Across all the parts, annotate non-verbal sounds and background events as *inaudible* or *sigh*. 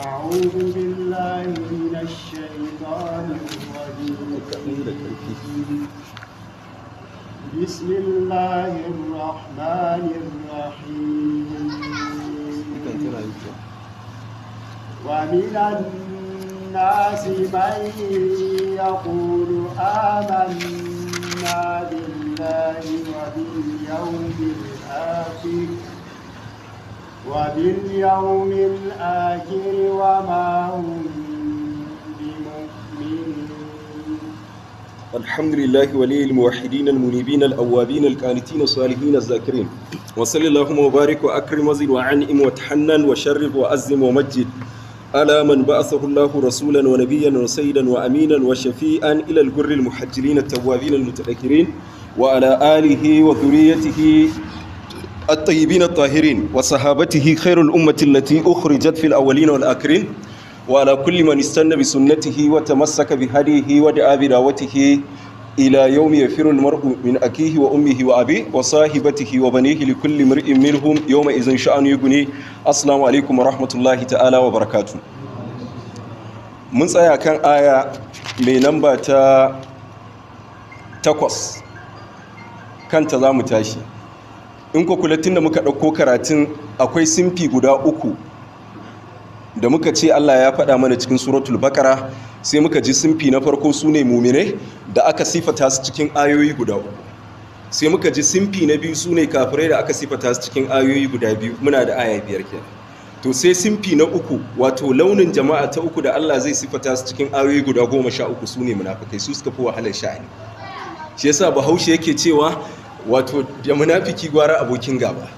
أعوذ بالله من الشيطان الرجيم بسم الله الرحمن الرحيم ومن الناس من يقول آمنا بالله وباليوم الآخر وباليوم الآخر وما هم الحمد لله ولي الموحدين المنيبين الأوابين القانتين الصالحين الذاكرين وصلى اللهم وبارك وأكرم وزد وعنئم وتحنن وشرف وأزم ومجد على من بعثه الله رسولا ونبيا وسيدا وأمينا وشفيئا إلى الجر المحجلين التوابين المتذكرين وعلى آله وذريته الطيبين الطاهرين وصحابته خير الأمة التي أخرجت في الأولين والآخرين وعلى كل من استنى بسنته وتمسك بهديه ودعا بدعوته إلى يوم يفر المرء من أكيه وأمه وأبيه وصاحبته وبنيه لكل مرء منهم يوم إذن شأن يغني السلام عليكم ورحمة الله تعالى وبركاته من سأيا كان آية من نمبر تقص كانت ذا متاشي in ku kula tun da muka ɗauko karatun akwai simfi guda uku da muka ce Allah ya faɗa mana cikin suratul bakara sai muka ji simfi na farko su ne mumine da aka sifata su cikin ayoyi guda uku sai muka ji simfi na biyu su ne kafirai da aka sifata su cikin ayoyi guda biyu muna da aya biyar ke to sai simfi na uku wato launin jama'a ta uku da Allah zai sifata su cikin ayoyi guda goma sha uku su ne munafukai su suka fi wahalar sha'ani shi yasa bahaushe yake cewa wato da munafiki gwara abokin gaba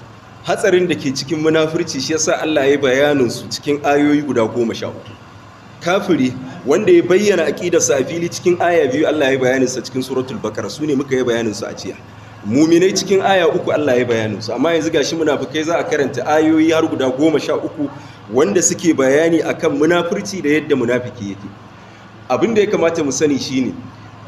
hatsarin da ke cikin munafurci shi yasa Allah ya bayanin su cikin ayoyi guda goma sha hudu kafiri wanda ya bayyana aqidarsa a fili cikin aya biyu Allah ya bayanin sa cikin suratul bakara su ne muka yi bayanin su a jiya muminai cikin aya uku Allah ya bayanin su amma yanzu gashi munafikai za a karanta ayoyi har guda goma sha uku wanda suke bayani akan munafurci da yadda munafiki yake abin da ya kamata mu sani shine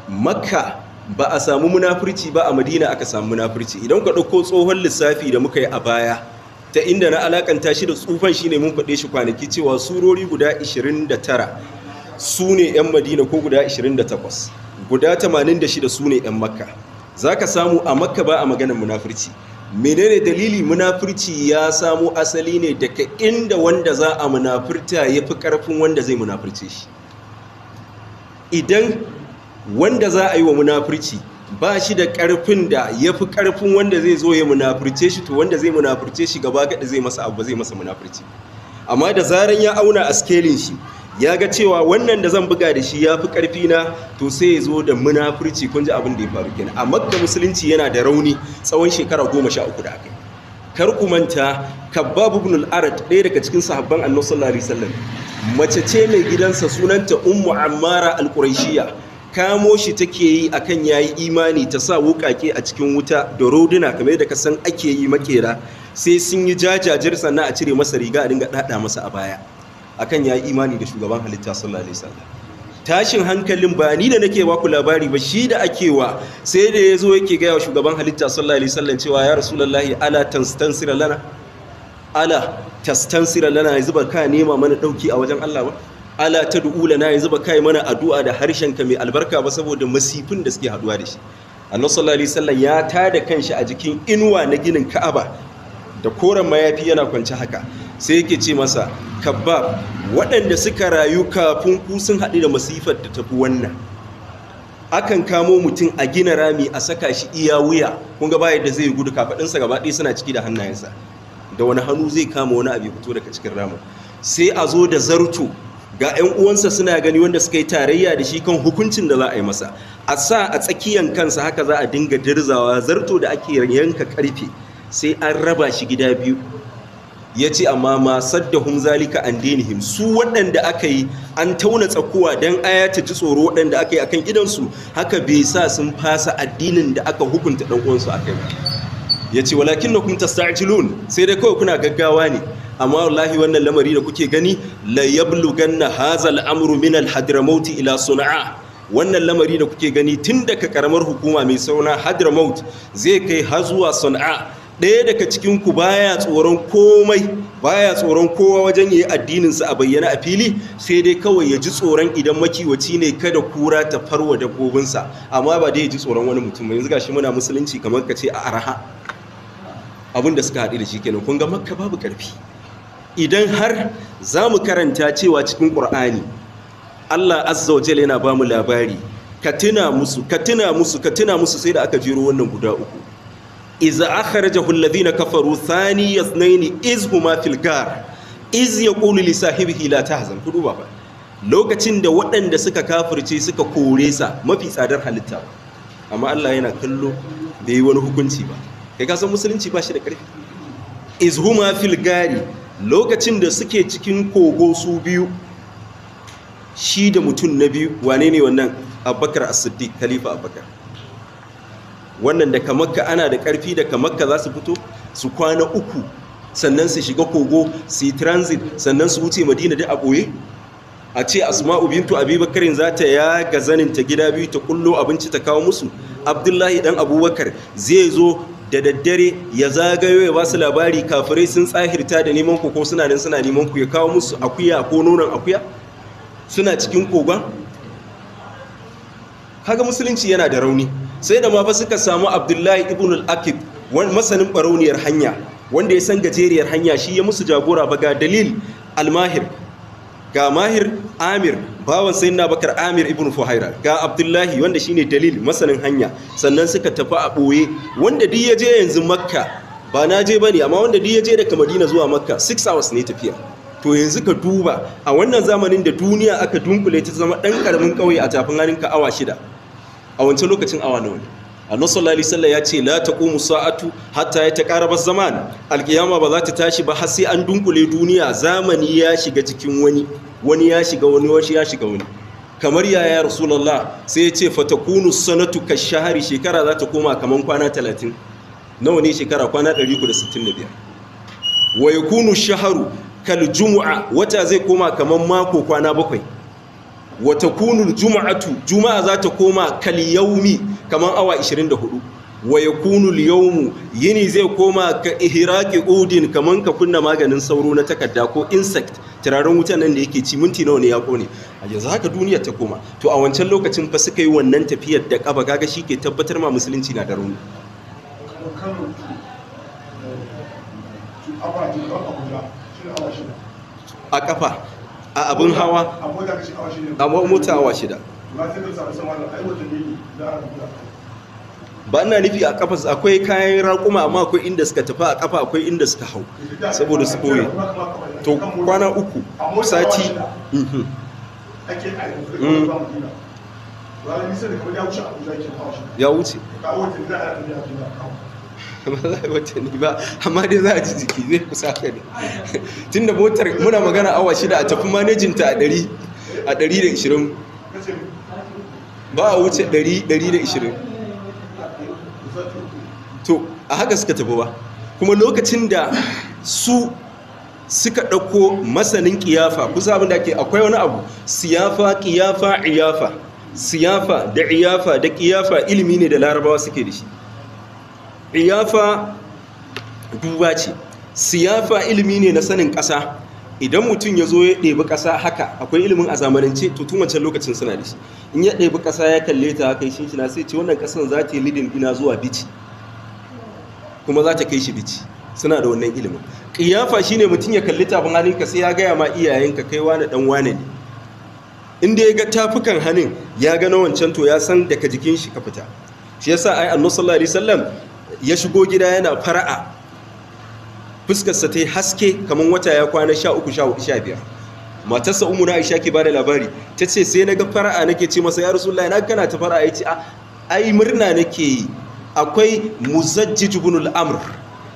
makka ba a samu munafurci ba a madina aka samu munafurci idan ka ɗauko tsohon lissafi da muka yi a baya ta inda na alakanta shi da tsufan shi ne mun faɗe shi kwanaki cewa surori guda 29 su ne 'yan madina ko guda 28 guda 86 su ne 'yan makka za ka samu a makka ba a maganar munafurci menene dalili munafurci ya samo asali ne daga inda wanda za a munafurta ya fi ƙarfin wanda zai munafurce shi idan wanda za a yi wa munafurci ba shi da karfin da ya fi ƙarfin wanda zai zo ya munafurce shi to wanda zai munafurce shi gaba gaɗa zai masa abu zai masa munafurci amma da zaran ya auna a skelin shi ya ga cewa wannan da zan buga da shi ya fi ƙarfi na to sai ya zo da munafurci kun ji abin da ya faru kenan A Makka musulunci yana da rauni tsawon shekara goma sha uku da aka kar ku manta kabbab ibn al-arad ɗaya daga cikin sahabban annabi sallallahu alaihi wasallam mace ce mai gidansa sunanta ummu ammara al-qurayshiyya kamo shi take yi akan yayi imani ta sa wukake a cikin wuta da roduna kamar da ka san ake yi makera sai sun yi jajajir sannan a cire masa riga a dinga dada masa a baya akan yayi imani da shugaban halitta sallallahu alaihi wasallam tashin hankalin ba ni da nake baku labari ba shi da ake wa sai da ya zo yake gaya wa shugaban halitta sallallahu alaihi wasallam cewa ya rasulullahi ala tastansira lana ala tastansira lana yanzu barka nema mana dauki a wajen Allah ba ala ta du'ula na yanzu ba kai mana addu'a da harshenka mai albarka ba saboda masifin da suke haduwa da shi annabi sallallahu alaihi wasallam ya tada kanshi a jikin inuwa na ginin ka'aba da koren mayafi yana kwance haka sai yake ce masa kabbab waɗanda suka rayu kafin ku sun haɗu da masifar da tafi wannan akan kamo mutum a gina rami a saka shi iya wuya kun ga bayan da zai gudu kafaɗinsa gaba ɗaya suna ciki da hannayensa da wani hannu zai kama wani abu fito daga cikin ramin sai a zo da zarto ga 'yan uwansa suna gani wanda suka yi tarayya da shi kan hukuncin da za a yi masa a sa a tsakiyan kansa haka za a dinga dirzawa zarto da ake yanka karfe sai an raba shi gida biyu ya ce amma ma sadda hun zalika an dinihim su waɗanda aka yi an tauna tsakuwa don ayata ta ji tsoro waɗanda aka yi akan gidansu haka bai sa sun fasa addinin da aka hukunta ɗan uwansu aka yi ya ce walakin na kun sai dai kawai kuna gaggawa ne amma wallahi wannan lamari da kuke gani la na hazal amru min al ila suna'a wannan lamari da kuke gani tun daga karamar hukuma mai sauna hadramaut zai kai har zuwa sun'a ɗaya daga cikinku ku baya tsoron komai baya tsoron kowa wajen yi addinin sa a bayyana a fili sai dai kawai ya ji tsoron idan makiwaci ne kada kura ta farwa dabbobinsa amma ba dai ya ji tsoron wani mutum yanzu gashi muna musulunci kamar ka ce a araha abin da suka haɗu da shi kenan kun ga makka babu ƙarfi idan har za mu karanta cewa cikin ƙur'ani allah azza wa jala yana ba mu labari ka tuna musu ka tuna musu ka tuna musu sai da aka jiro wannan guda uku iza lafi na kafaru thani yasnaini iz huma fil gar iz yaqulu li sahibihi la tahzan ku duba ba lokacin da waɗanda suka kafirce suka kore sa mafi tsadar halitta amma Allah yana kallo bai yi wani hukunci ba kai kasan san musulunci ba shi da ƙarfi iz huma filgari. lokacin da suke cikin kogo su biyu shi da mutum na biyu wane ne wannan abubakar as khalifa abubakar wannan da kamakka ana da karfi da kamakka za su fito su kwana uku sannan su shiga kogo su yi transit sannan su wuce madina da a ɓoye a ce asma'u bintu abubakarin za ta ya ga ta gida biyu ta kullo abinci ta kawo musu abdullahi dan abubakar zai zo da daddare ya zagayo ya basu labari kafirai sun tsahirta da neman ku ko suna nan suna neman ku ya kawo musu akuya ko nonon akuya suna cikin kogon kaga musulunci yana da rauni sai da mafa suka samu abdullahi ibn al-akib wani masanin barauniyar hanya wanda ya san gajeriyar hanya shi ya musu jagora ba ga dalil al-mahir ga mahir amir bawan na bakar amir ibn fuhaira ga abdullahi wanda shine dalil masanin hanya sannan suka tafi a boye wanda duk ya je yanzu makka ba na je bane amma wanda duk ya je daga madina zuwa makka 6 hours ne tafiya to yanzu ka duba a wannan zamanin da duniya aka dunkule ta zama ɗan karamin kauye a tafin ka awa shida a wancan lokacin awa nawa ne annabi sallallahu alaihi ya ce la taqumu sa'atu hatta ya taqaraba zaman alkiyama ba za ta tashi ba har sai an dunkule duniya zamani ya shiga cikin wani wani ya shiga wani wani ya shiga wani kamar yaya rasulullah sai ya ce fatakunu sanatu ka shahari shekara za ta koma kamar kwana 30 nawa ne shekara kwana 165 wa kunu shaharu kal juma'a wata zai koma kamar mako kwana bakwai wa kunu juma'atu juma'a za ta koma kal yaumi kamar awa 24 wa ya kunu yawmu yini zai koma ka ihiraki udin kamar ka kunna maganin sauro na takarda ko insect turaren wutan nan da yake ci minti nawa ne ya kone a yanzu haka duniya ta koma to a wancan lokacin fa suka yi wannan tafiyar da kaba gaga shi ke tabbatar ma musulunci na da rauni a kafa a abin hawa a mota awa shida ba ina nufi a kafa akwai kayan raƙuma amma akwai inda suka tafi a kafa akwai inda suka hau saboda su koyi to kwana uku sati mhm. mm. ya wuce *laughs* ba amma dai za a ji jiki zai kusa ka ne *laughs* tun da motar muna magana awa shida a tafi manajinta a ɗari da 120 ba a wuce ɗari ɗari da 120 to a haka suka tafi ba kuma lokacin da su suka ɗauko masanin ƙiyafa kusa abin da ke akwai wani abu siyafa ƙiyafa ƙiyafa siyafa da ƙiyafa da ƙiyafa ilimi ne da larabawa suke da shi ƙiyafa duba ce siyafa ilimi ne na sanin ƙasa idan mutum ya zo ya ɗebi ƙasa haka akwai ilimin a zamanance to tun wancan lokacin suna da shi in ya ɗebi ƙasa ya kalle ta haka shi shi na sai ce wannan ƙasan za ta yi lidin ina zuwa bici kuma za ta kai shi bici suna da wannan ilimin ƙiyafa shi ne mutum ya kalli tafin ka sai ya gaya ma iyayenka kai wane ɗan wane ne inda ya ga tafukan hannun ya ga wancan to ya san daga jikin shi ka fita shi yasa ai annabi sallallahu alaihi wasallam ya shigo gida yana fara'a fuskarsa ta yi haske kamar wata ya kwana 13 14 15 matarsa ummu na aisha ke bada labari ta ce sai na ga fara'a nake ce masa ya rasulullahi na kana ta fara'a ya ce ai murna nake yi akwai muzajjij ibn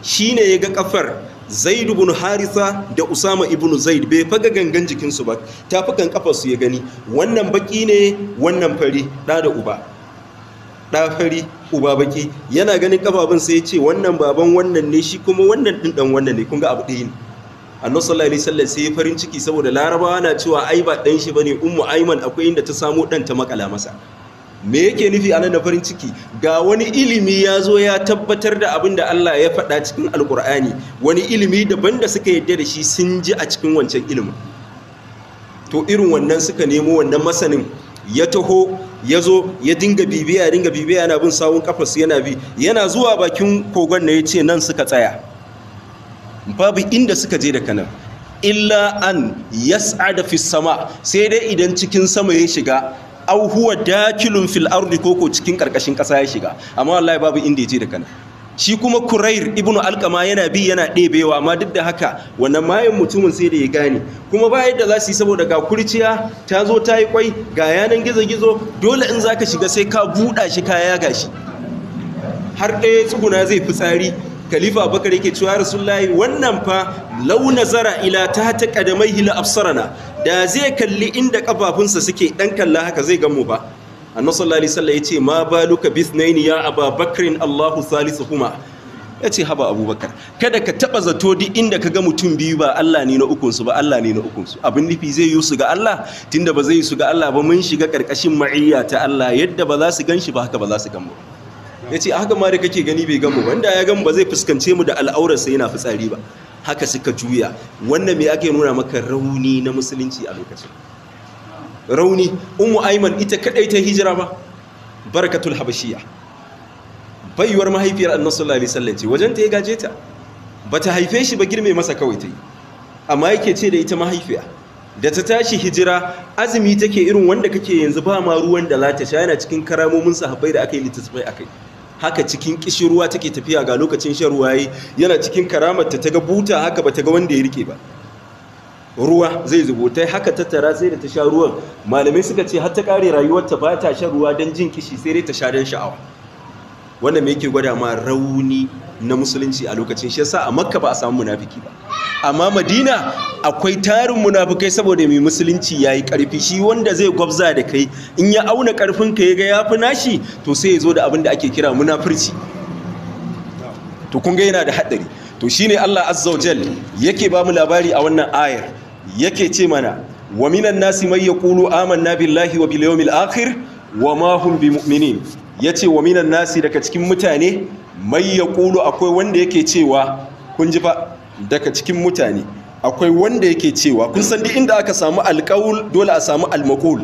shi ne ya ga kafar zaid ibn harisa da usama ibn zaid bai faga gangan jikinsu ba tafukan kafar su ya gani wannan baki ne wannan fari ɗa da uba da fari uba baki yana ganin kafafun sai ya ce wannan baban wannan ne shi kuma wannan ɗin ɗan wannan ne kun ga abu ɗaya ne annabi sallallahu alaihi wasallam sai ya farin ciki saboda larabawa na cewa ai ba ɗan shi bane ummu aiman akwai inda ta samu ɗan ta makala masa me yake nufi a nan da farin ciki ga wani ilimi ya zo ya tabbatar da abin da Allah ya faɗa cikin alkur'ani wani ilimi daban da suka yadda da shi sun ji a cikin wancan ilimin to irin wannan suka nemo wannan masanin ya taho ya zo ya dinga bibiya dinga bibiya yana bin sawun kafas yana bi yana zuwa bakin kogon na ya ce nan suka tsaya babu inda suka je da kanan illa an yas'ada fi sama sai dai idan cikin sama ya shiga au huwa dakilun fil ardi koko cikin karkashin kasa ya shiga amma wallahi babu inda yaje da kana shi kuma kurair ibnu alqama yana bi yana ɗebewa amma duk da haka wannan mayan mutumin sai da ya gane kuma ba yadda za su yi saboda ga kurciya ta zo ta yi kwai ga yanan gizo-gizo dole in zaka shiga sai ka buɗa shi ka yaga shi har ɗaya tsuguna zai fi tsari khalifa bakar yake cewa rasulullahi wannan fa launa zara ila ta ta kadamai hila absarana da zai kalli inda kafafunsa suke dan kalla haka zai gamu ba annabi sallallahu alaihi wasallam yace ma baluka bisnaini ya ababakrin allahu salisuhuma yace haba abubakar kada ka taba zato duk inda ka ga mutum biyu ba Allah ne na ukun su ba Allah ne na ukun su abin nufi zai yi su ga Allah tunda ba zai yi su ga Allah ba mun shiga karkashin ma'iyya ta Allah yadda ba za su ganshi ba haka ba za su gamu yace haka ma da kake gani bai gamu wanda ya gamu ba zai fuskance mu da al'aurar sa yana fitsari ba haka suka juya wannan me ake nuna maka rauni na musulunci a lokacin rauni ummu aiman ita kadai ta hijira ba barakatul habashiya baiwar mahaifiyar annabi sallallahu alaihi wasallam ce wajen ta ya gaje ta bata haife shi ba girme masa kawai ta yi amma yake ce da ita mahaifiya da ta tashi hijira azumi take irin wanda kake yanzu ba ma ruwan da za sha yana cikin karamomin sahabbai da aka yi littattafai akai haka cikin kishirwa take tafiya ga lokacin shan ruwa yi yana cikin karamarta ta ga buta haka ba ta ga wanda ya rike ba ruwa zai zubo ta haka tattara sai da ta sha ruwan malamai suka ce har ta kare rayuwarta ba ta shan ruwa don jin kishi sai dai ta sha don sha'awa wanda me yake gwada ma rauni na musulunci a lokacin shi yasa a makka ba a samu munafiki ba amma madina akwai tarin munafukai saboda mai musulunci ya yi ƙarfi shi wanda zai gwabza da kai in ya auna karfin ƙarfinka ya ga ya fi nashi to sai ya zo da abin da ake kira munafurci to kun ga yana da haɗari to shine allah azzawajal yake ba mu labari a wannan ayar yake ce mana wa minan nasi mai ya aman amanna billahi wa bil akhir wa ma bi mu'minin yace wa minan nasi daga cikin mutane mai ya kulu akwai wanda yake cewa kun ji fa daga cikin mutane akwai wanda yake cewa kun san duk inda aka samu alƙawul dole a samu almakul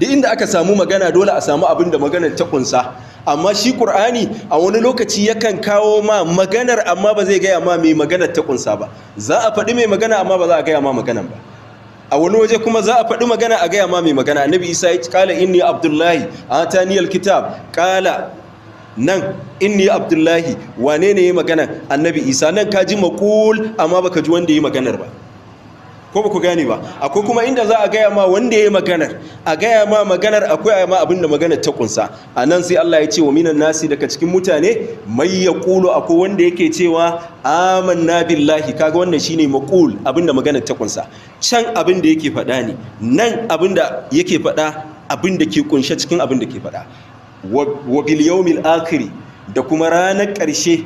duk inda aka samu magana dole a samu abin da maganar ta kunsa amma shi qur'ani a wani lokaci yakan kawo ma maganar amma ba zai gaya ma mai maganar ta kunsa ba za a faɗi mai magana amma ba za a gaya ma maganar ba a wani waje kuma za a faɗi magana a gaya ma mai magana annabi isa ya kala inni abdullahi a taniyar kitab kala nan inni abdullahi wane ne ya magana annabi isa nan ka ji makul amma baka ji wanda ya maganar ba ko ba gane ba akwai kuma inda za a gaya ma wanda ya maganar a gaya ma maganar akwai ma abin maganar ta kunsa a nan sai Allah ya ce wa minan nasi daga cikin mutane mai ya kulo akwai wanda yake cewa amanna billahi kaga wannan shine ne abin da maganar ta kunsa can abinda da yake faɗa ne nan abin yake faɗa abin da ke kunshe cikin abinda da ke faɗa wa bil yawmil akhir da kuma ranar ƙarshe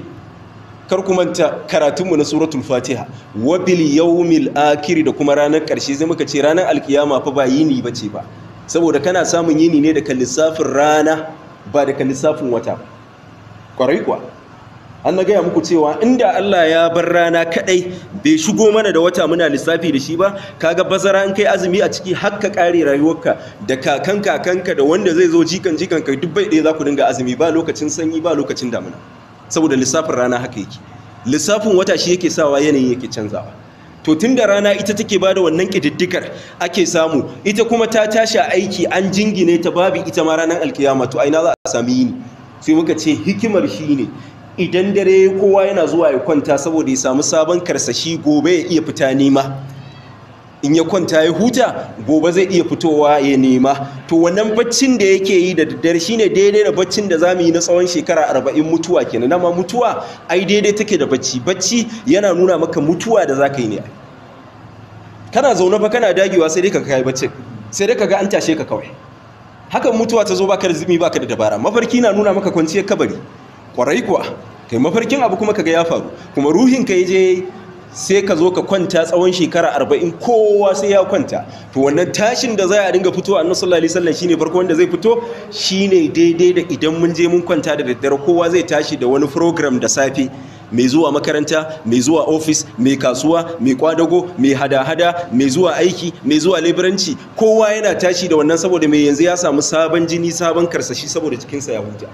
kar ku manta karatunmu na suratul fatiha wa bil yawmil akhir da kuma ranar ƙarshe zai muka ce ranar alkiyama fa ba yini bace ba saboda kana samun yini ne daga lissafin rana ba daga lissafin wata kwarai kuwa an na gaya muku cewa inda Allah ya bar rana kadai bai shigo mana da wata muna lissafi da shi ba kaga bazara an kai azumi a ciki har ka kare rayuwarka da kakan kakanka da wanda zai zo jikan jikan ka duk bai ɗaya za ku dinga azumi ba lokacin sanyi ba lokacin damina saboda lissafin rana haka yake lissafin wata shi yake sawa yanayi yake canzawa to tun da rana ita take bada wannan kididdikar ake samu ita kuma ta tashi aiki an jingine ta babu ita ma ranar alkiyama to aina za a sami yini sai muka ce hikimar shi ne idan dare kowa yana zuwa ya kwanta saboda ya samu sabon karsashi gobe ya iya fita nema in ya kwanta ya huta gobe zai iya fitowa ya nema to wannan baccin da yake yi da daddare shine daidai da baccin da zamu yi na tsawon shekara arba'in mutuwa kenan dama mutuwa ai daidai take da bacci bacci yana nuna maka mutuwa da zaka yi ne kana zaune fa kana dagewa sai dai ka kai baccin sai dai kaga an tashe ka kawai hakan mutuwa ta zo baka da zumi baka da dabara mafarki na nuna maka kwanciyar kabari kwarai kuwa kai mafarkin abu kuma kaga ya faru kuma ruhin ka je sai ka zo ka kwanta tsawon shekara arba'in kowa sai ya kwanta to wannan tashin da za a dinga fito a sallallahu alaihi wasallam shine farko wanda zai fito shine daidai da idan mun je mun kwanta da daddare kowa zai tashi da wani program da safe mai zuwa makaranta mai zuwa ofis mai kasuwa mai kwadago mai hada-hada mai zuwa aiki mai zuwa leburanci kowa yana tashi da wannan saboda mai yanzu ya samu sabon jini sabon karsashi saboda cikinsa ya huta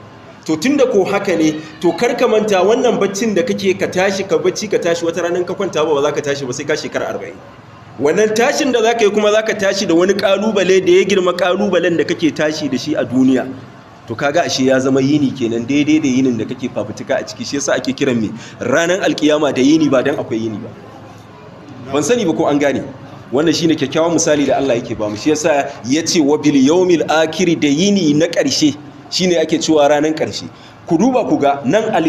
to tun da ko haka ne to kar ka manta wannan baccin da kake ka tashi ka bacci ka tashi wata ranar ka kwanta ba ba za ka tashi ba sai ka shekara arba'in wannan tashin da za ka yi kuma za ka tashi da wani kalubale da ya girma kalubalen da kake tashi da shi a duniya to kaga ashe ya zama yini kenan daidai da yinin da kake fafutuka a ciki shi yasa ake kiran me ranar alkiyama da yini ba dan akwai yini ba ban sani ba ko an gane wannan shine kyakkyawan misali da Allah yake ba mu shi yasa yace wa bil yawmil akhir da yini na karshe. shine ake cewa ranar ƙarshe ku duba ku ga nan al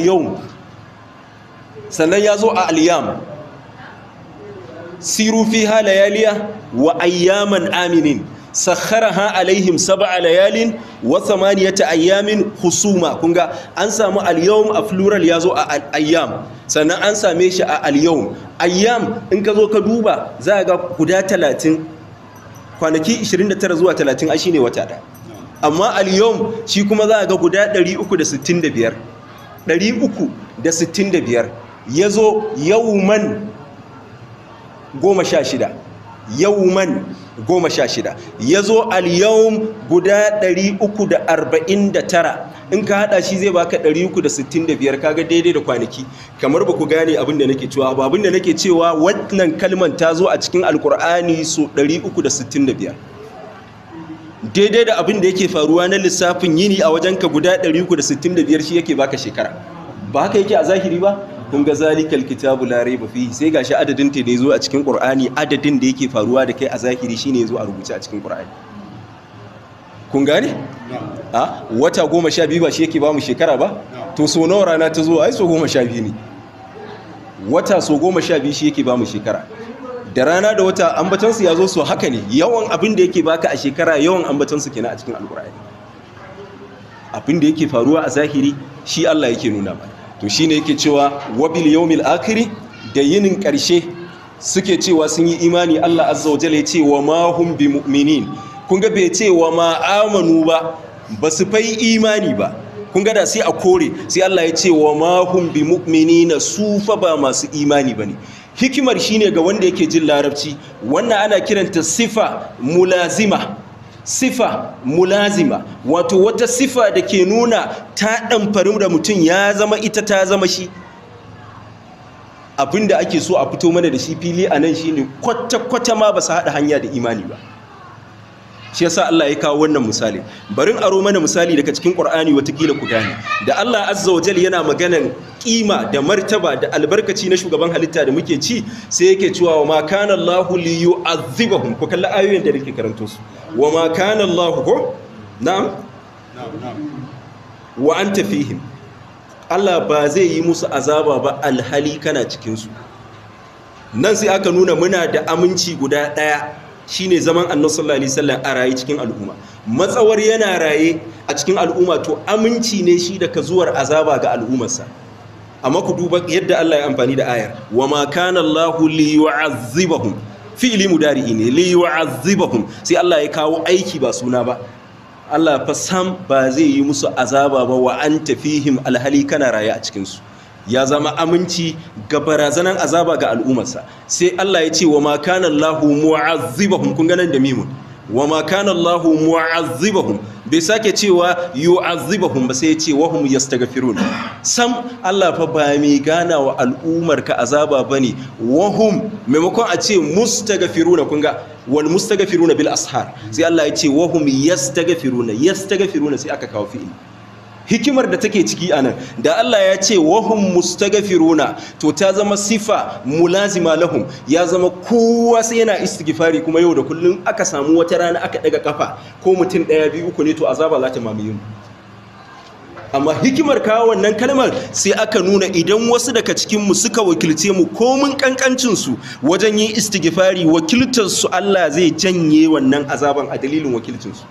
sannan ya zo a aliyam Sirufi ha layaliya wa ayyaman aminin ha alaihim sab'a layalin wa thamaniyata ayyamin husuma ga an samu al a a plural zo a ayyam sannan an same shi a al ayyam in ka zo ka duba za ga guda 30 kwanaki 29 zuwa 30 a shine wata ɗaya amma al shi kuma za a ga guda 365 365 zo yawuman 16 yawman 16 ya zo yawm guda 349 in ka hada shi zai baka 365 kaga daidai da kwanaki kamar ba ku gane abin da nake cewa ba abin da nake cewa wannan kalman ta zo a cikin alkur'ani su 365 daidai da abin da yake faruwa na lissafin yini a wajenka guda 365 shi yake baka shekara ba haka yake a zahiri ba kun ga zalikal kitabu la raiba fihi sai gashi adadin ta da yazo a cikin qur'ani adadin da yake faruwa da kai a zahiri shine yazo a rubuce a cikin qur'ani kun gane a ah, wata 12 ba shi yake ba mu shekara ba to so nawa rana ta zo ai so 12 ne wata so 12 shi yake ba mu shekara da rana da wata ambatansu ya zo su haka ne yawan abin da yake baka a shekara yawan ambatansu kenan a cikin alkur'ani abin da yake faruwa a zahiri shi Allah yake nuna ba to shi ne yake cewa wabil yawmil akiri da yinin karshe suke cewa sun yi imani Allah azza wa jalla ya ce wa ma hum mu'minin kun ga bai ce wa ma amanu ba ba su fai imani ba kun ga da sai a kore sai Allah ya ce wa ma hum bimu'minina su fa ba masu imani bane hikimar shine ga wanda yake jin larabci wannan ana kiranta sifa mulazima sifa mulazima wato wata sifa da ke nuna ta ɗamfarin da mutum ya zama ita ta zama shi abinda ake so a fito mana da shi fili a nan shine kwata-kwata ma ba su haɗa hanya da imani ba shi yasa Allah ya kawo wannan misali barin aro mana misali daga cikin Qur'ani watakila ku gane da Allah azza wajal yana maganan kima da martaba da albarkaci na shugaban halitta da muke ci sai yake cewa wa ma kana Allah li yu'adhibahum ku kalla ayoyin da nake karanto su wa ma kana Allah ko na'am wa anta fihim Allah ba zai yi musu azaba ba alhali kana cikin su nan sai aka nuna muna da aminci guda daya Shi ne zaman annabi sallallahu alaihi wasallam a raye cikin al'umma matsawar yana raye a cikin al'umma to aminci ne shi da ka zuwar azaba ga al'ummarsa amma ku duba yadda Allah ya amfani da ayar wa ma kana Allahu li fi'li mudari'i ne li yu'azzibahum sai Allah ya kawo aiki ba suna ba Allah fa sam ba zai yi musu azaba ba wa an tafihim alhali kana raye a cikin su ya zama aminci ga barazanan azaba ga al'ummarsa sai Allah ya ce wa ma kana Allahu mu'azzibahum kun ganan da mimun wa ma kana Allahu mu'azzibahum bai sake cewa yu'azzibahum ba sai ya ce wahum yastaghfirun sam Allah fa ba mai gana wa al'ummar ka azaba bane wahum maimakon a ce mustaghfiruna kun ga wal mustaghfiruna bil ashar sai Allah ya ce wahum yastaghfiruna yastaghfiruna sai aka kawo fi'il hikimar da take ciki a nan da Allah ya ce wahum mustaghfiruna to ta zama sifa mulazima lahum ya zama kowa sai yana istighfari kuma yau da kullun aka samu wata rana aka daga kafa ko mutum daya biyu uku ne to azaba za ta mamaye mu amma hikimar kawo wannan kalmar sai aka nuna idan wasu daga cikin mu suka wakilce mu komin su wajen yin istighfari su Allah zai janye wannan azaban a dalilin su.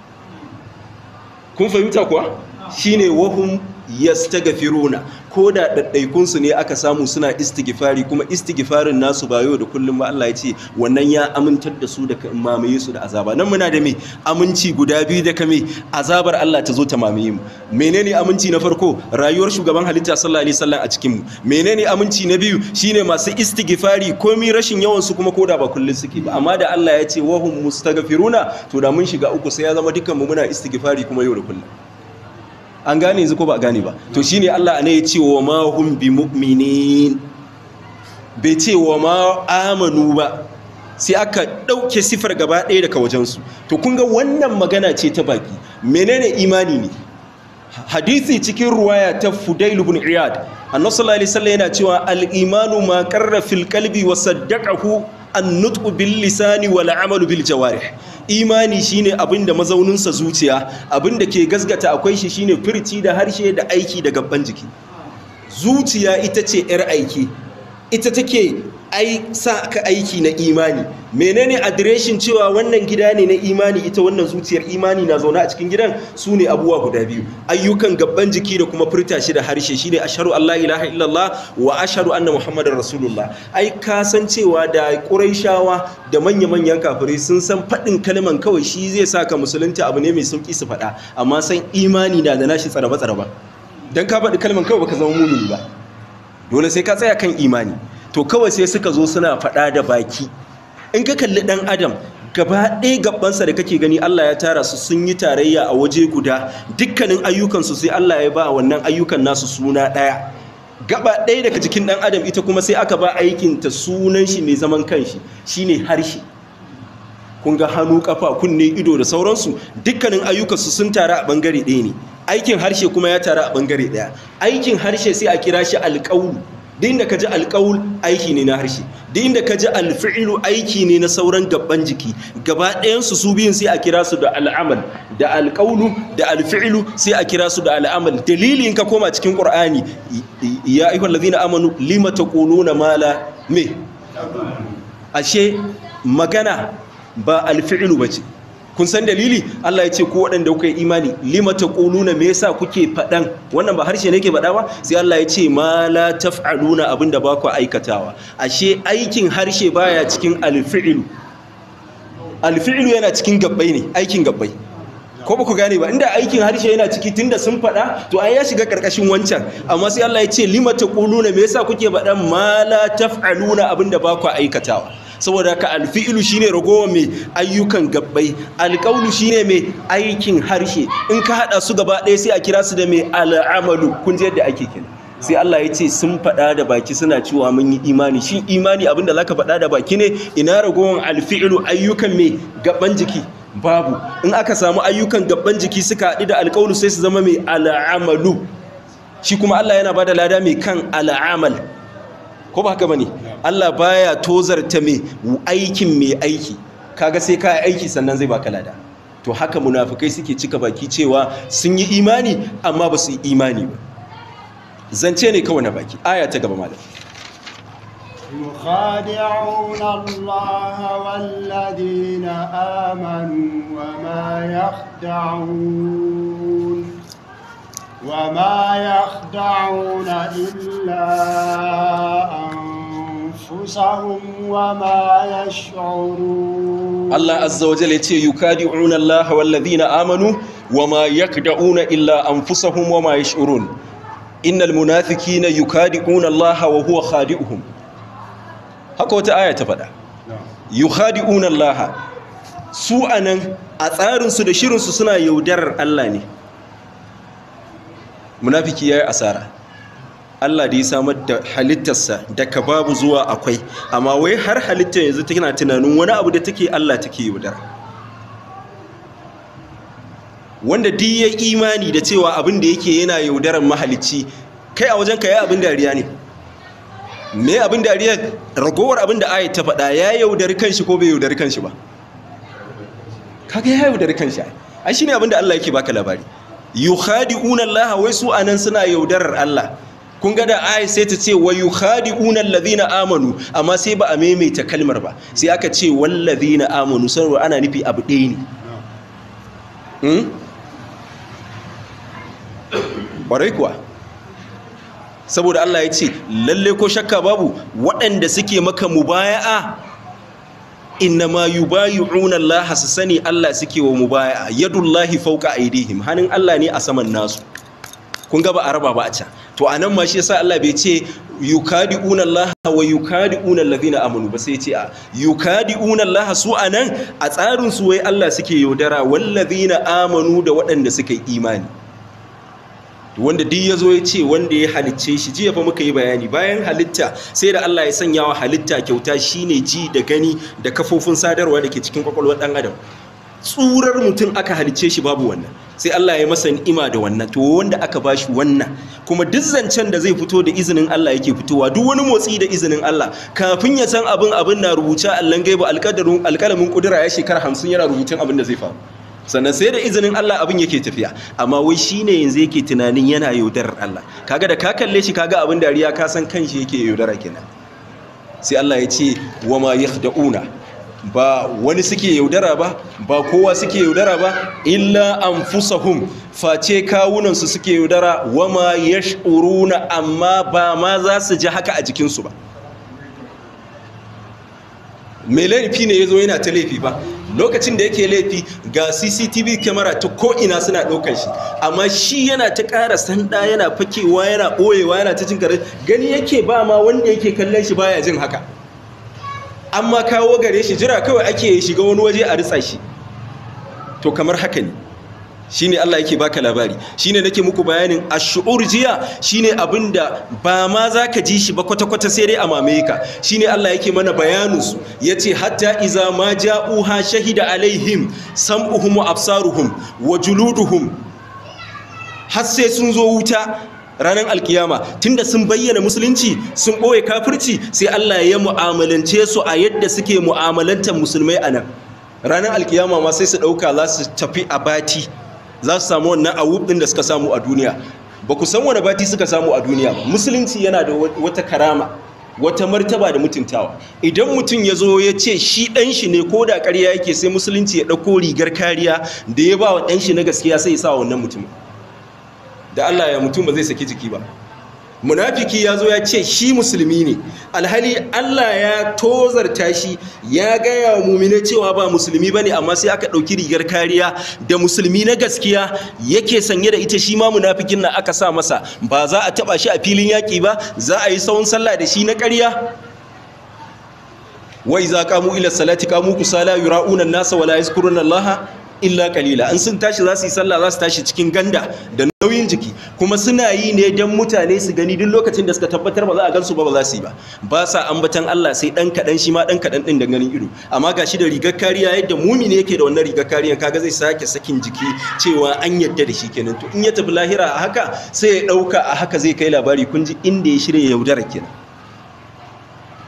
kun fahimta kuwa? shine wahum yastaghfiruna ko da daddaikun su ne aka samu suna istighfari kuma istighfarin nasu ba yau da kullum ba Allah ya ce wannan ya amintar da su da mamaye su da azaba nan muna da me aminci guda biyu da kame azabar Allah ta zo ta mamaye mu menene aminci na farko rayuwar shugaban halitta sallallahu alaihi wasallam a cikin mu menene aminci na biyu shine masu istighfari komai rashin yawan su kuma koda ba kullun suke ba amma da Allah ya ce wahum mustaghfiruna to da mun shiga uku sai ya zama dukkan mu muna istighfari kuma yau da kullum an gane yanzu ko ba a gane ba to shine Allah ne ya ce wa ma hum bi mu'minin bai ce wa ma amanu ba sai aka dauke sifar gaba ɗaya daga wajen su to kun ga wannan magana ce ta baki menene imani ne hadisi cikin ruwaya ta fudail ibn iyad annabi sallallahu alaihi wasallam yana cewa al-imanu ma qarra fil qalbi wa saddaqahu nutu bil lisani wal amalu bil jawarih imani shine abinda mazauninsa zuciya abinda ke gasgata akwai shi shine firci da harshe da aiki da gabban jiki zuciya ita ce yar aiki ita take sa ka aiki na imani menene adireshin cewa wannan gida ne na imani ita wannan zuciyar imani na zaune a cikin gidan su ne abuwa guda biyu ayyukan gabban jiki da kuma furta shi da harshe shi ne asharu Allah ilaha illallah wa asharu anna muhammadar rasulullah ai ka san cewa da ƙuraishawa da manya-manyan kafirai sun san faɗin kalman kawai shi zai sa ka musulunta abu ne mai sauƙi su faɗa amma san imani na da nashi tsaraba-tsaraba don ka faɗi kalman kawai baka zama mumini ba dole sai ka tsaya kan imani to kawai sai suka zo suna faɗa da baki in ka kalli ɗan adam gaba ɗaya gabansa da kake gani Allah ya tara su sun yi tarayya a waje guda dukkanin ayyukansu sai Allah ya ba wannan ayyukan nasu suna ɗaya gaba ɗaya daga jikin ɗan adam ita kuma sai aka ba aikinta sunan shi mai zaman kanshi shine harshe kun ga hannu kafa kunne ido da sauransu dukkanin ayyukansu sun tara a bangare ɗaya ne aikin harshe kuma ya tara a bangare daya aikin harshe sai a kira shi alƙawul din da ka ji alƙawul aiki ne na harshe din da ka ji alfi'ilu aiki ne na sauran gabban jiki gaba ɗayansu su biyun sai a kira su da al'amal da alƙaulu da alfi'ilu sai a kira su da al'amal dalilin ka koma cikin ƙur'ani ya ayyuhal ladina amanu lima taquluna mala me ashe magana ba alfi'ilu bace kun san dalili Allah ya ce ku waɗanda kuka yi imani lima quluna me yasa kuke faɗan wannan ba harshe ne ke faɗa ba sai Allah ya ce ma la taf'aluna abinda ba ku aikatawa ashe aikin harshe baya cikin alfi'il alfi'il yana cikin gabbai ne aikin gabbai ko ba ku gane ba inda aikin harshe yana ciki tunda sun faɗa to ai ya shiga karkashin wancan amma sai Allah ya ce lima quluna me yasa kuke faɗan ma la taf'aluna abinda ba ku aikatawa saboda ka alfi'ilu shine ragowa mai ayyukan gabbai alƙaulu shine mai aikin harshe in ka hada su gaba ɗaya sai a kira su da mai al'amalu kun ji yadda ake kira sai Allah ya ce sun faɗa da baki suna cewa mun yi imani shin imani abin da zaka faɗa da baki ne ina ragowan alfi'ilu ayyukan mai gaban jiki babu in aka samu ayyukan gaban jiki suka haɗu da alƙaulu sai su zama mai al'amalu shi kuma Allah yana bada lada mai kan al'amal ko ba haka bane Allah baya tozarta mai aikin mai aiki kaga sai ka aiki sannan zai baka lada to haka munafikai suke cika baki cewa sun yi imani amma ba su yi imani ba zance ne kawai na baki aya ta gaba malam يخادعون الله والذين آمنوا وما يخدعون وما يخدعون إلا أن أنفسهم وما يشعرون الله عز وجل يتي يكادعون الله والذين آمنوا وما يكدعون إلا أنفسهم وما يشعرون إن المنافقين يكادعون الله وهو خادعهم haka wata aya ta faɗa yukhadi'una Allah su anan a tsarinsu da shirinsu suna yaudarar Allah ne munafiki yayi asara Allah da ya samar da halittarsa daga babu zuwa akwai amma wai har halittar yanzu tana tunanin wani abu da take Allah take yaudara wanda duk ya imani da cewa abin da yake yana yaudaran mahalicci kai a wajen ka yi abin dariya ne me abin dariya ragowar abin da ayi ta faɗa ya yaudari kanshi ko bai yaudari kanshi ba kaga ya yaudari kanshi ai shine abin da Allah yake baka labari yukhadi'una Allah wai su anan suna yaudarar Allah kun ga da ayi sai ta ce wa yukhadi'una alladhina amanu amma sai ba a maimaita kalmar ba sai aka ce walladhina amanu sarwa ana nufi abu ɗaya ne hmm? ƙwarai kuwa saboda Allah ya ce lalle ko shakka babu waɗanda suke maka mubaya'a inna ma yubayi'una Allah su sani Allah suke wa mubaya'a yadullahi yi aydihim hannun Allah ne a saman nasu kun ga ba a raba ba a can to nan ma shi yasa Allah bai ce yukadi'una Allah wa yukadi'una allazina amanu ba sai ce a yukadi'una Allah su anan a tsarin su wai Allah suke yaudara wallazina amanu da waɗanda suka yi imani wanda duk ya zo ya ce wanda ya halicce shi jiya fa muka yi bayani bayan halitta sai da Allah ya sanya wa halitta kyauta shi ne ji da gani da kafofin sadarwa da ke cikin kwakwalwar ɗan adam tsurar mutum aka halicce shi babu wannan sai Allah ya masa ni'ima da wannan to wanda aka bashi wannan kuma duk zancen da zai fito da izinin Allah yake fitowa duk wani motsi da izinin Allah kafin ya san abin abin na rubuce allan gaiba alƙadarin alƙalamin kudura ya shekara 50 yana rubutun abin da zai faru sannan sai da izinin Allah abin yake tafiya amma wai shine yanzu yake tunanin yana yaudarar Allah kaga da ka kalle shi kaga abin dariya ka san kanshi yake yaudara kenan sai Allah ya ce wa ma yakhda'una ba wani suke yaudara ba ba kowa suke yaudara ba illa an fusahun face kawunansu suke yaudara wama shuruna amma ba ma za su ji haka a jikinsu ba mai laifi ne ya zo yana ta laifi ba lokacin da yake laifi ga cctv kamara ta ko'ina suna ɗaukar shi amma shi yana ta ƙara sanda yana fakewa yana ɓoyewa yana ta jin gari gani yake ba ma wanda yake kallon shi baya jin haka amma kawo gare shi jira kawai ake shiga wani waje a ritsa shi to kamar haka ne Shi ne Allah yake baka labari Shi shine nake muku bayanin a shuur jiya Shi shine abinda ba ma za ka ji shi ba kwata-kwata sai dai a mamaye ka Shi ne Allah yake mana bayanin su ce hatta iza ma ja'uha shahida alaihim sam'uhum wa absaruhum wa juluduhum har sai sun zo wuta ranar alkiyama tunda sun bayyana musulunci sun ɓoye kafirci sai Allah ya mu'amalance su a yadda suke mu'amalantar musulmai a nan ranar alkiyama ma sai su ɗauka za su tafi a bati za su samu wannan awub ɗin da suka samu a duniya ba ku san wani bati suka samu a duniya ba musulunci yana da wata karama wata martaba da mutuntawa idan mutum ya zo ya ce shi ɗanshi ne ko da ƙarya yake sai musulunci ya ɗauko rigar kariya da ya ba wa ɗanshi na gaskiya sai ya sa wannan mutumin da Allah ya mutum ba zai saki jiki ba munafiki ya zo ya ce shi musulmi ne alhali Allah ya tozarta shi ya gaya wa mumine cewa ba musulmi ba ne amma sai aka ɗauki rigar kariya da musulmi na gaskiya yake sanye da ita shi ma munafikin nan aka sa masa ba za a taɓa shi a filin yaƙi ba za a yi tsawon sallah da shi na ƙarya wai za kamu ila salati kamu kusala yura'unan nasa wala yazkurun illa kalila in sun tashi za su yi sallah za su tashi cikin ganda da nauyin jiki kuma suna yi ne don mutane su gani duk lokacin da suka tabbatar ba za a gansu ba ba za su yi ba ba sa ambatan Allah sai dan kadan shi ma dan kadan din da ganin ido amma gashi da rigar kariya yadda mumini yake da wannan rigar kariya kaga zai sake sakin jiki cewa an yadda da shi kenan to in ya tafi lahira a haka sai ya dauka a haka zai kai labari kun ji inda ya shirya yaudarar kenan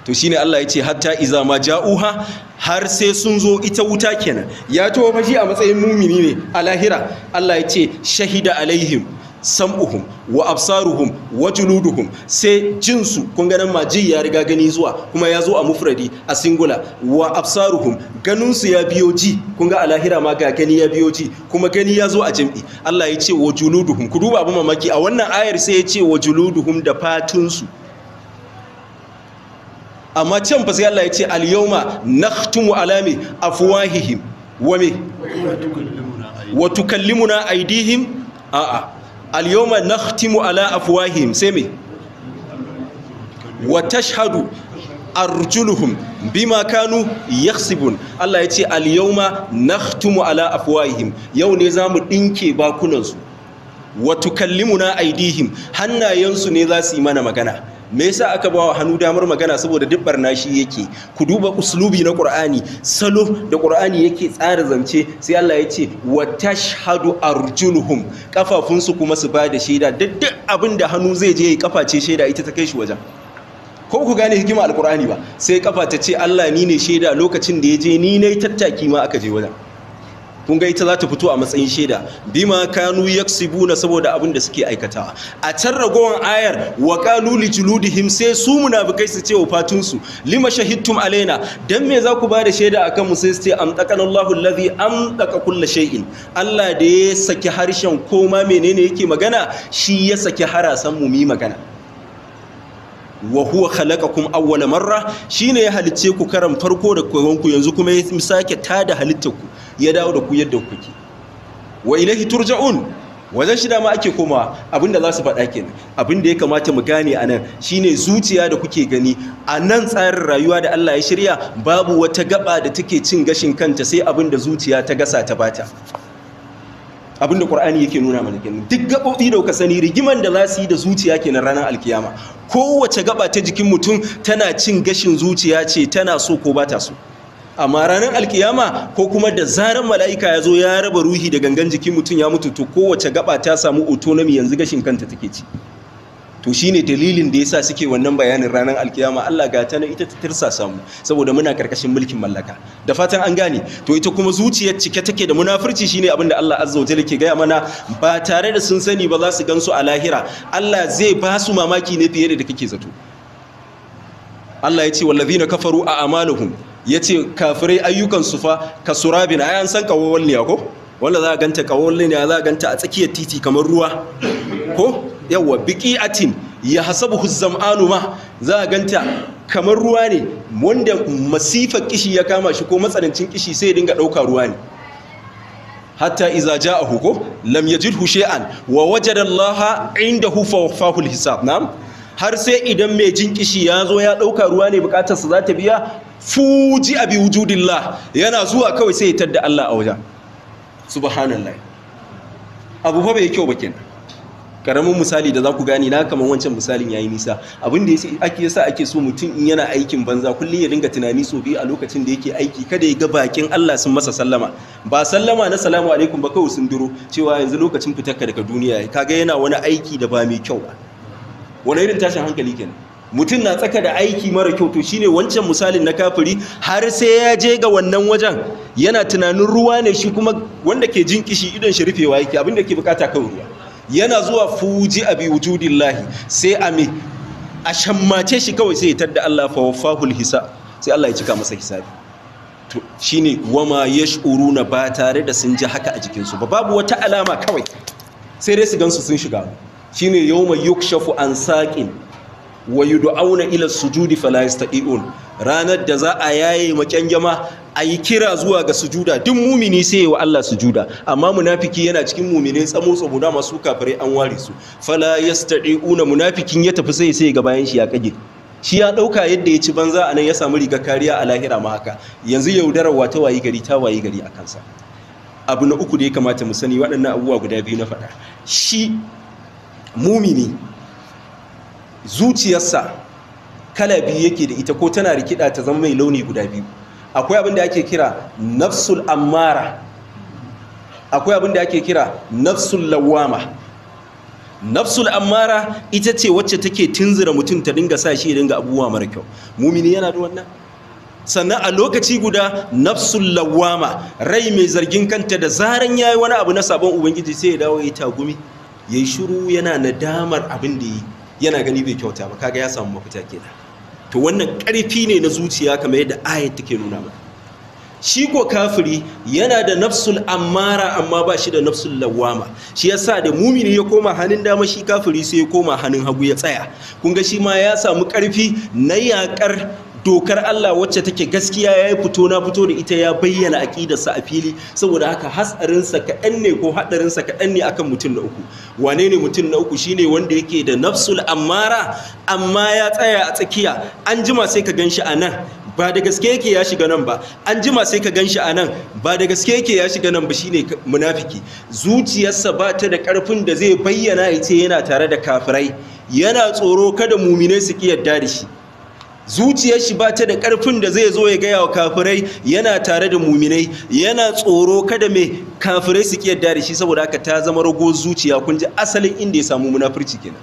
to shine Allah ya ce hatta iza ma ja'uha har sai sun zo ita wuta kenan ya to fashi a matsayin mumini ne a lahira Allah ya ce shahida alaihim sam'uhum wa absaruhum wa juluduhum sai jinsu kun ganin maji ya riga gani zuwa kuma ya zo a mufradi a singula wa absaruhum ganinsu ya biyo ji kun ga alahira ma ga gani ya biyo ji kuma gani ya zo a jam'i Allah ya ce wa juluduhum ku duba abin mamaki a wannan ayar sai ya ce wa juluduhum da fatunsu amma can fa sai Allah ya ce al-yawma nakhtumu alami afwahihim wa mi wa tukallimuna aydihim a'a al-yawma nakhtimu ala afwahihim sai me wa tashhadu arjuluhum bima kanu yakhsibun Allah ya ce al-yawma nakhtumu ala afwahihim yau ne zamu dinke bakunansu wa tukallimuna aydihim hannayensu ne za su yi mana magana me yasa aka ba wa hannu damar magana saboda duk barna shi yake ku duba uslubi na qur'ani salu da qur'ani yake tsara zance sai Allah ya ce wa tashhadu arjuluhum kafafun su kuma su bada shaida duk abin da hannu zai je ya kafa ce shaida ita ta kai shi wajen ko ku gane hikima alqur'ani ba sai kafa ta ce Allah ni ne shaida lokacin da ya je ni ne tattaki ma aka je wajen kun ga ita za ta fito a matsayin shaida bima kanu yaksibuna saboda abin da suke aikata a can ragowar ayar wa qalu li juludihim sai su munafikai su ce wa fatunsu su lima shahidtum alaina dan me za ku ba da shaida akan mu sai su ce am taqanallahu allazi am taqa kull shay'in Allah da ya saki harshen koma menene yake magana shi ya saki harasan mu mi magana wa huwa khalaqakum awwala marra shine ya halicce ku karam farko da koyon yanzu kuma ya sake tada halittar ku ya dawo da ku yadda kuke wa ilahi turja'un wajen shida ma ake koma abinda za su faɗa kenan abinda ya kamata mu gane anan, shine zuciya da kuke gani a nan tsarin rayuwa da Allah ya shirya babu wata gaba da take cin gashin kanta sai abinda zuciya ta gasa ta bata abinda qur'ani yake nuna mana kenan duk gabobi da kuka sani rigiman da za su yi da zuciya kenan ranar alkiyama kowace gaba ta jikin mutum tana cin gashin zuciya ce tana so ko bata so amma ranar alkiyama ko kuma da zarar mala'ika ya zo ya raba ruhi da gangan jikin mutum ya mutu to kowace gaba ta samu autonomy yanzu gashin kanta take ci to shine dalilin da ya sa suke wannan bayanin ranar alkiyama Allah ga ta ita ta tirsa samu saboda muna karkashin mulkin mallaka da fatan an gane to ita kuma zuciyar cike take da munafurci shine abin da Allah azza wa ke gaya mana ba tare da sun sani ba za su gansu a lahira Allah zai ba su mamaki ne fiye da kake zato Allah ya ce wallazina kafaru a amaluhum ya ce kafirai ayyukan su fa ka surabi na? ayan san ne ko wanda za a ganta ne za a ganta a tsakiyar titi kamar ruwa ko yawwa biki atin ya hasabu zam'anu ma za a ganta kamar ruwa ne wanda masifar kishi ya kama shi ko matsanancin kishi sai ya dinga ɗauka ruwa ne hatta iza a ko lam yajidhu shay'an wa wajada Allah hufa fahul hisab na? har sai idan mai jin kishi ya zo ya ɗauka ruwa ne bukatarsa za ta biya fuji abi wujudillah yana zuwa kawai sai ya tadda Allah a wajen subhanallah abu fa bai kyau ba karamin misali da za ku gani na kamar wancan misalin yayi nisa abin da yake yasa ake so mutum in yana aikin banza kullum ya dinga tunani so biyu a lokacin da yake aiki kada ya ga bakin Allah sun masa sallama ba sallama na salamu alaikum ba kawai sun duro cewa yanzu lokacin fitar ka daga duniya kaga yana wani aiki da ba mai kyau ba wani irin tashin hankali kenan mutum na tsaka da aiki mara kyau to shine wancan misalin na kafiri har sai ya je ga wannan wajen yana tunanin ruwa ne shi kuma wanda ke jin kishi idan shi rufewa yake abin da ke bukata kan ruwa yana zuwa fuji abi wujudillahi sai a me a shammace shi kawai sai ya tadda Allah fa wafahul hisa sai Allah ya cika masa hisabi to shine wama yash'uruna ba tare da sun ji haka a jikinsu ba babu wata alama kawai sai dai su gansu sun shiga shine yawma yukshafu an saqin wa yud'auna ila sujudi fala yastai'un ranar da za a yaye makyangama a yi kira zuwa ga sujuda duk mumini sai wa Allah sujuda amma munafiki yana cikin muminin tsamo tsamo masu kafirai an ware su fala yastai'una munafikin ya tafi sai sai ga bayan shi ya kage shi ya dauka yadda ya ci banza a nan ya samu riga kariya a lahira ma haka yanzu yaudarar wata wayi gari ta wayi gari a kansa abu na uku da ya kamata mu sani waɗannan abubuwa guda biyu na faɗa shi mumini zuciyarsa kala biyu yake da ita ko tana rikida ta zama mai launi guda biyu akwai abin da ake kira nafsul ammara akwai abin da ake kira nafsul lawama nafsul ammara ita ce wacce take tunzura mutum ta dinga sa shi ya dinga abubuwa mara kyau mumini yana da wannan sannan a lokaci guda nafsul lawama rai mai zargin kanta da zaran yayi wani abu na sabon ubangiji sai ya dawo ya tagumi yayi shiru yana nadamar abin da yi yana gani bai kyauta ba kaga ya samu mafita kenan to wannan karfi ne na zuciya kamar yadda ayat take nuna mana shi ko kafiri yana da nafsul ammara amma ba shi da nafsul lawama shi yasa da mumini ya koma hannun dama shi kafiri sai ya koma hannun hagu ya tsaya kun ga shi ma ya samu karfi na yaƙar dokar Allah wacce take gaskiya ya yi fito na fito da ita ya bayyana aƙidarsa a fili saboda haka hatsarinsa kaɗan ne ko haɗarinsa kaɗan ne akan mutum na uku wane ne mutum na uku shine wanda yake da nafsul amara? amma ya tsaya a tsakiya an jima sai ka ganshi a nan ba da gaske yake ya shiga nan ba an jima sai ka ganshi a nan ba da gaske yake ya shiga nan ba shine munafiki zuciyarsa ba ta da ƙarfin da zai bayyana ita yana tare da kafirai yana tsoro kada muminai su ki yarda da shi zuciyar shi ba ta da ƙarfin da zai zo ya gaya wa kafirai yana tare da muminai yana tsoro kada mai kafirai su kiyar da shi saboda haka ta zama rago zuciya kun ji asalin inda ya samu munafurci kenan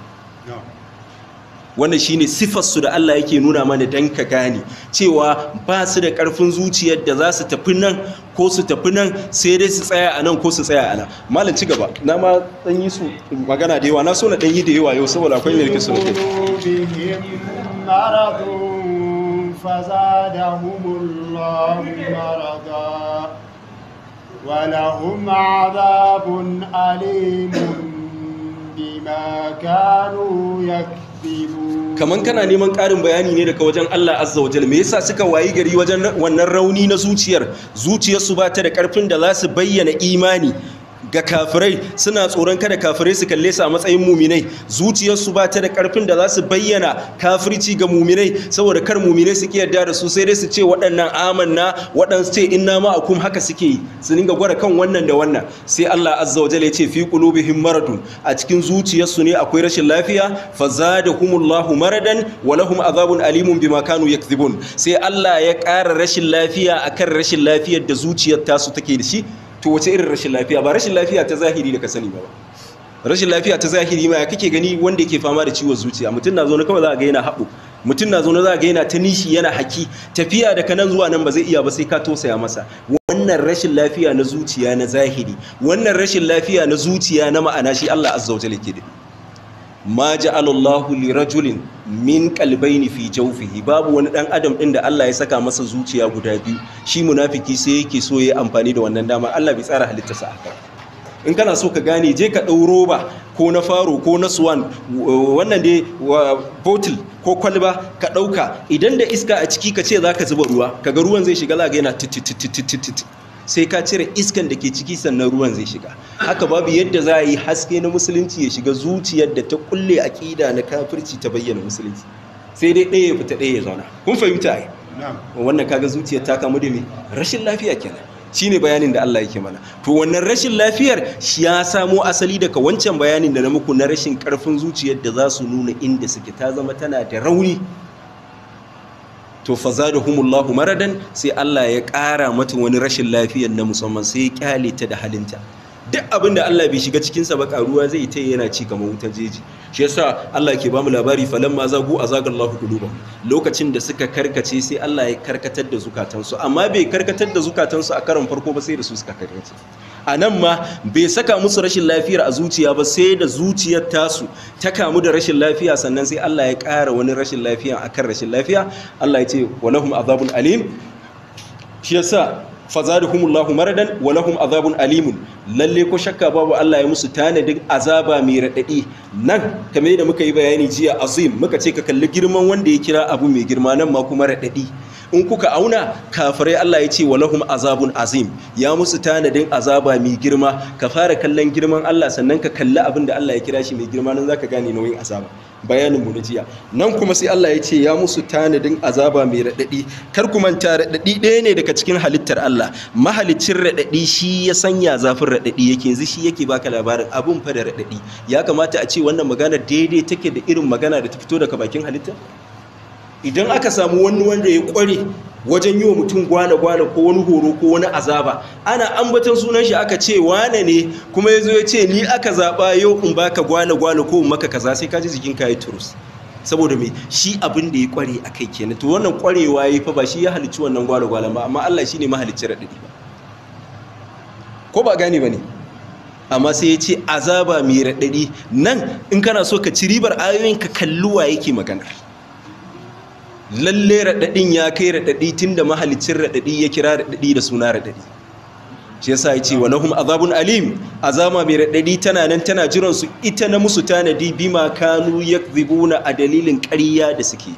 wannan shine sifarsu da Allah yake nuna mana dan ka gane cewa ba su da ƙarfin zuciyar da za su tafi nan ko su tafi nan sai dai su tsaya a nan ko su tsaya a nan malam ci gaba na ma dan yi su magana da yawa na so na dan yi da yawa yau saboda akwai ne da ke so مرض فزادهم الله مرضا ولهم عذاب أليم بما كانوا يكذبون kaman kana neman ƙarin bayani ne daga wajen Allah azza wajal me yasa suka wayi gari wajen wannan rauni na zuciyar zuciyarsu ba ta da ƙarfin da za su bayyana imani ga kafirai suna tsoron kada kafirai su kalle su a matsayin muminai zuciyarsu ba ta da karfin da za su bayyana kafirci ga muminai saboda kar muminai su yarda da su sai dai su ce waɗannan amanna waɗansu ce inna ma akum haka suke yi su dinga gwada kan wannan da wannan sai Allah azza wa jalla ya ce fi qulubihim maradun a cikin zuciyarsu ne akwai rashin lafiya fa zadahumullahu maradan wa lahum azabun alimun bima kanu yakzibun sai Allah ya ƙara rashin lafiya akan rashin lafiyar da zuciyar tasu take da shi to wace irin rashin lafiya ba rashin lafiya ta zahiri da ka sani ba rashin lafiya ta zahiri ma ya kake gani wanda yake fama da ciwon zuciya mutum na zaune kawai za a ga yana haɓo mutum na zaune za a ga yana ta nishi yana haki tafiya daga nan zuwa nan ba zai iya ba sai ka tosaya masa wannan rashin lafiya na zuciya na zahiri wannan rashin lafiya na zuciya na ma'ana shi Allah azza wa jalla ke da ma ja'alallahu li rajulin min qalbayni fi jawfihi babu wani dan adam din da Allah ya saka masa zuciya guda biyu shi munafiki sai yake so yayi amfani da wannan dama Allah bai tsara halittarsa haka in kana so ka gane je ka ɗau roba ko na faro ko na swan wannan dai bottle ko kwalba ka ɗauka idan da iska a ciki ka ce za ka zuba ruwa ka ga ruwan zai shiga za ga yana sai ka cire iskan da ke ciki sannan ruwan zai shiga haka babu yadda za a yi haske na musulunci ya shiga zuciyar da ta kulle aƙida na kafirci ta bayyana musulunci sai dai ɗaya ya fita ɗaya ya zauna kun fahimta ai wannan kaga zuciyar ta kamu da me rashin lafiya kenan shine bayanin da Allah yake mana to wannan rashin lafiyar shi ya samo asali daga wancan bayanin da na muku na rashin karfin zuciyar da za su nuna inda suke ta zama tana da rauni to fa fazadahumullahu maradan sai Allah ya ƙara mata wani rashin lafiyar na musamman sai ya kyale ta da halinta duk abin da Allah bai shiga cikinsa ba karuwa zai ta yana ci kamar wutar jeji shi yasa Allah ke bamu labari falan ma zagu azagallahu kuluba. lokacin da suka karkace sai Allah ya karkatar da zukatansu amma bai karkatar da zukatansu a karon farko ba sai da su suka karkace a nan ma bai saka musu rashin lafiya a zuciya ba sai da zuciyar tasu ta kamu da rashin lafiya sannan sai Allah ya kara wani rashin lafiya a kan rashin lafiya Allah ya ce walahum azabun alim shi yasa allahu maradan walahum azabun alimun lalle ko shakka babu Allah ya musu tanadin azaba mai raɗaɗi. nan kamar da muka yi bayani jiya azim muka ce ka kalli girman wanda ya kira abu mai girma nan ma kuma raɗaɗi. in kuka auna kafirai Allah ya ce wa lahum azabun azim ya musu tanadin azaba mai girma ka fara kallon girman Allah sannan ka kalli abin da Allah ya kira shi mai girma nan zaka gane nauyin azaba bayanin mu jiya nan kuma sai Allah ya ce ya musu tanadin azaba mai radadi kar ku manta radadi ɗaya ne daga cikin halittar Allah mahalicin radadi shi ya sanya zafin radadi yake yanzu shi yake baka labarin abun fa da radadi ya kamata a ce wannan magana daidai take da irin magana da ta fito daga bakin halitta idan aka samu wani wanda ya kware wajen yi wa mutum gwana-gwana ko wani horo ko wani azaba ana ambaton sunan shi aka ce wane ne kuma ya zo ya ce ni aka zaɓa yau in baka gwana-gwana ko maka kaza sai ka ji jikin ka yi turus saboda mai shi abin da ya kware a kai kenan to wannan kwarewa ya fa ba shi ya halicci wannan gwana-gwana ba amma Allah shi ne mahalicci raɗaɗi ba ko ba gane ba ne amma sai ya ce azaba mai raɗaɗi nan in kana so ka ci ribar ayoyin ka kalluwa yake magana. lalle raɗaɗin ya kai raɗaɗi tun da mahalicin raɗaɗi ya kira raɗaɗi da suna raɗaɗi shi yasa ya ce wa lahum azabun alim azama mai raɗaɗi tana nan tana jiran su ita na musu tanadi bima kanu ya zibuna a dalilin ƙarya da suke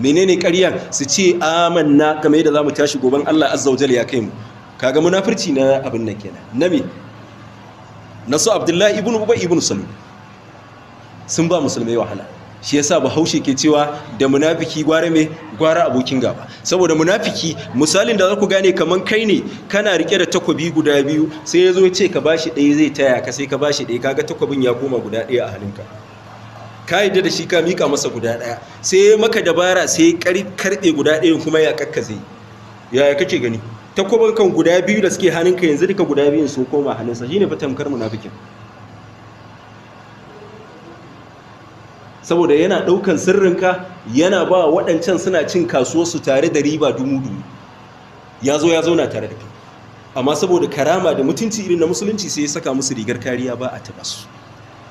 menene ƙarya su ce amanna kamar yadda zamu tashi goban Allah azza wa ya kai mu kaga munafirci na abin nan kenan na me nasu abdullahi ibn ubay ibn sulaim sun ba musulmai wahala shi yasa bahaushe ke cewa da munafiki gwara mai gwara abokin gaba saboda munafiki misalin da za ku gane kaman kai ne kana rike da takobi guda biyu sai ya zo ya ce ka ba shi ɗaya zai taya ka sai ka ba shi ɗaya kaga takobin ya koma guda ɗaya a halinka ka yi da shi ka mika masa guda ɗaya sai ya maka dabara sai ya karɓe guda ɗayan kuma ya kakkaze yaya kake gani takobin kan guda biyu da suke hannunka yanzu duka guda biyun sun koma halinsa shine fa tamkar munafikin saboda yana ɗaukan sirrinka yana ba waɗancan suna cin kasuwarsu tare da riba dumu-dumu ya zo ya zauna tare da kai amma saboda karama da mutunci irin na musulunci sai ya saka musu rigar kariya ba a taɓa su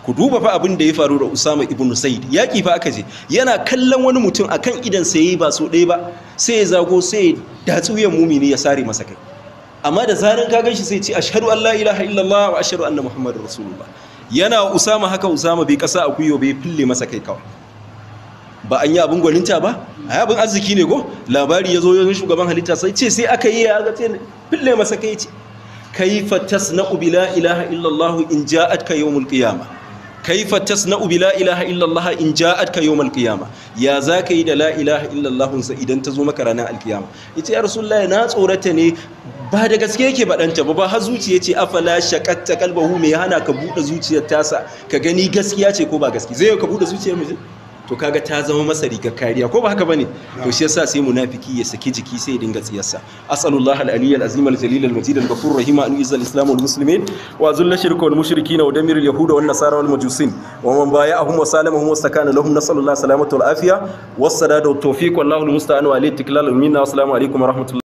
ku duba fa abin da ya faru da Usama ibn Said yaki fa aka je yana kallon wani mutum a kan idan sa yi ba so ɗaya ba sai ya zago sai ya datsu ya mumini ya sare masa kai amma da zarin ka ganshi sai ya ce ashhadu an la ilaha illallah wa ashhadu anna muhammadar rasulullah yana usama haka usama bai kasa akuyo bai fille masa kai kawai ba an yi abin gwaninta ba a yabin arziki ne ko labari ya zo yanzu shugaban halitta sai ce sai aka yi ya ga ce fille masa kai ce kaifa tasna'u bila ilaha illallah in ja'atka yawmul qiyamah kaifa tasna'u bi la ilaha illallah in ja'atka al qiyama ya zaka yi da la ilaha illallah sa idan ta zo maka ranar alkiyama yace ya rasulullahi na tsorata ne ba da gaske yake badanta ba ba har zuciya ce afala shaqatta qalbahu me hana ka bude zuciyar tasa ka gani gaskiya ce ko ba gaskiya zai ka bude zuciyar mu to kaga ta zama masa rigar kariya ko ba haka bane to shi yasa sai munafiki ya saki jiki sai ya dinga tsiyarsa asallallahu al-aliyyal azim al-jalil al-majid al-ghafur rahim an yuzal islam wal muslimin wa zulla shirku wal mushrikin wa damir al-yahud wal nasara wal majusin wa man bay'ahum wa salamahum wa sakana lahum nasallallahu salamatu wal afiya was wat tawfiq wallahu al-musta'an wa alayhi tiklal minna assalamu alaykum wa rahmatullahi